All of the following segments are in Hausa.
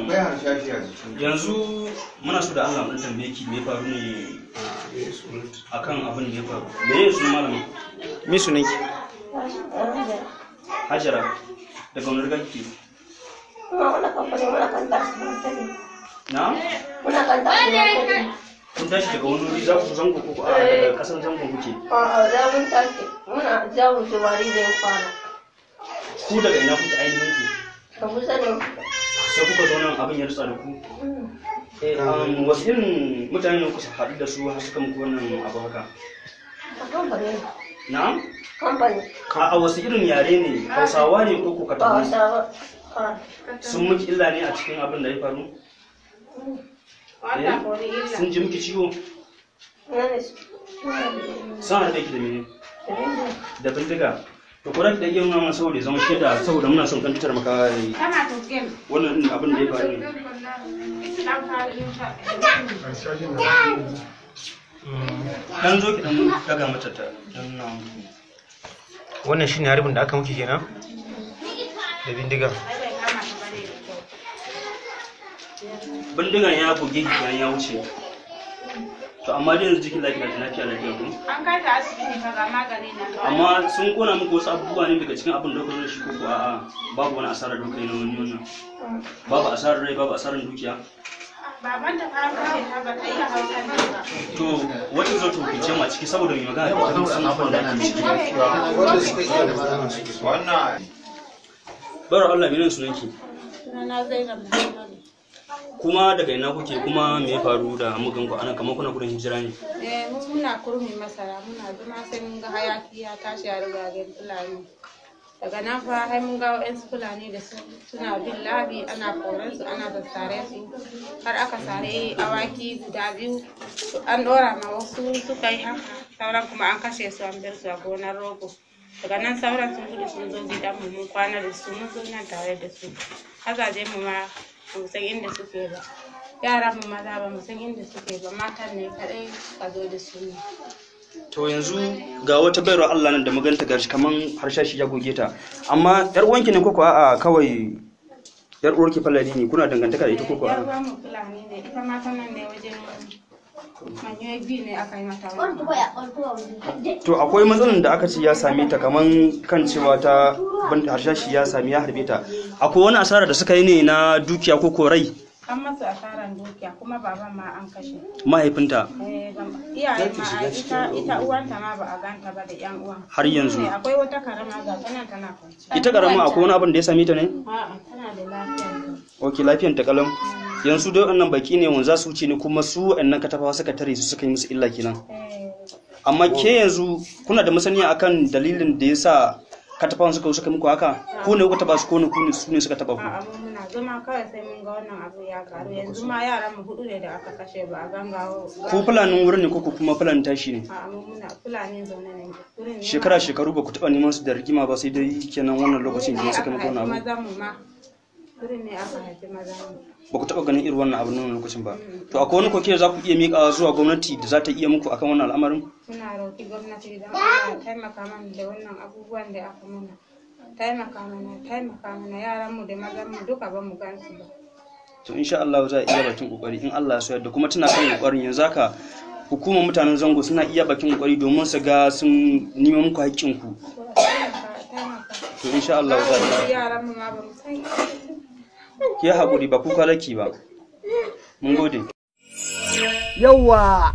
akwai harshashi a yanzu muna so da Allah mun tambaye ki me faru ne akan abin da ya faru me ya sunan malama me ne ki Hajara daga wani rigar wani kamfani muna kan tashi na kun tashi daga wani wuri za ku zango ko a daga eh. kasan zango kuke a'a za mun tashi muna za mu je wari da ya fara ku daga ina kuke ainihin ku ka sai kuka zo nan abin ya rutsa da ku eh, um, wasu irin mutane ne kusa haɗu da su har suka muku wannan abu haka na? a wasu irin yare ne hausawa ne ko kuka tabi sun miki illa ne a cikin abin da ya faru eh, sun ji miki ciwo sun haɗe ki da mene da bindiga to kura da yin wannan saboda zama shaida saboda muna son kan tutar maka kana to game wannan din abin da ya faru dan zo ki dan daga mata ta dan na wannan shine harbin da aka muke kenan da bindiga bindigan ya buge ya wuce to amma dai yanzu jikin lafiya da lafiya lafiya kun an kai ta asibiti ka ga magani na amma sun kona muku wasu abubuwa ne daga cikin abin da kuka shi ko a'a babu wani asara da kai na wani wannan babu asarar rai babu asarar dukiya baban da fara kashe ta ba ta iya hausa ne ba to wata zo to kice ma ciki saboda mai magana ba abin da ake ciki wanda suka iya da magana wannan bar Allah menene sunanki sunana Zainab kuma daga ina kuke kuma me faru da mugan ku anan kamar kuna gudun hijira ne eh mu muna kurmi masara muna zama sai mun ga hayaki ya tashi a ga fulani daga nan fa har mun ga wa'yansu fulani da suna bin labi ana koran su ana tsare su har aka sare awaki guda biyu an dora ma wasu suka yi haka sauran kuma an kashe su an bar su a gonar rogo daga nan sauran sun gudu sun zo gidanmu mun kwana da su mun zo nan tare da su hazaje mu ma ba san inda suke ba yaran mu maza ba mu san inda suke ba matan ne kadai ka zo da su ne to yanzu ga wata bayarwa Allah nan da maganta gashi kaman harshashi ya goge ta amma yar uwanki ne koko a'a, kawai yar uwarki falali ne kuna dangantaka da ita koko a yar uwan mu fulani ne ita ma nan ne wajen to akwai matsalar da aka ce ya same ta kamar kan cewa ta harshashi ya sami ya harbe ta akwai wani asara da suka yi ne na dukiya ko korai an masu asaran dukiya kuma baban ma an kashe mahaifinta eh, iyaye ma ita uwanta ma ba a ganta ba da yan uwan har yanzu eh, akwai wata karama ga tana tana ita karama akwai wani abin da ya same ta ne a'a tana da lafiya okay lafiyan ta kalam eh. yanzu dai wannan baki ne wanda za su wuce ni kuma su wa'annan katafawa suka tare su suka yi musu illa kenan amma ke yanzu kuna da masaniya akan dalilin da yasa katafawan suka suka muku haka ko ne kuka taba su ko ne ku ne su ne suka taba ku muna zama kawai sai mun ga wannan abu ya karu yanzu ma yaran mu hudu ne da aka kashe ba a gangawo ko fulanin wurin ne ko kuma fulanin tashi ne a'a muna fulanin zaune ne shekara shekaru ba ku taba neman su da rigima ba sai dai kenan wannan lokacin da suka muku wannan abu ba ku taɓa ganin irin wannan abu nan lokacin ba to akwai wani koke za ku iya mika zuwa gwamnati da za ta iya muku akan wannan al'amarin ina roƙi gwamnati don ta taimaka mana da wannan abubuwan da aka mana taimaka mana taimaka mana yaran mu da mazan mu duka ba mu gansu ba to insha Allah za a iya bakin kokari in Allah ya so yadda kuma tana kan kokarin yanzu haka hukumar mutanen zango suna iya bakin kokari domin su ga sun nima muku haƙƙinku to insha Allah za a iya yaran mu ma ba mu san ki haƙuri ba kuka laki ba mun gode yawwa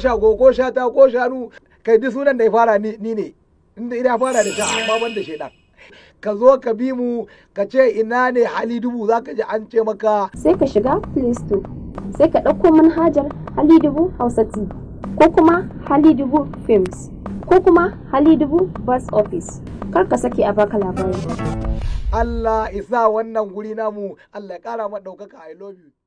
shago ko shata ko shanu kai duk sunan da ya fara ni ne inda ina fara da ta amma da dan ka zo ka bi mu ka ce ina ne hali dubu za ka ji an ce maka sai ka shiga play store sai ka ɗauko manhajar hali dubu hausa t ko kuma hali dubu films ko kuma hali dubu bus office kar ka sake a baka labari Allah isa wannan guri namu Allah ya kara ma ɗaukaka I love you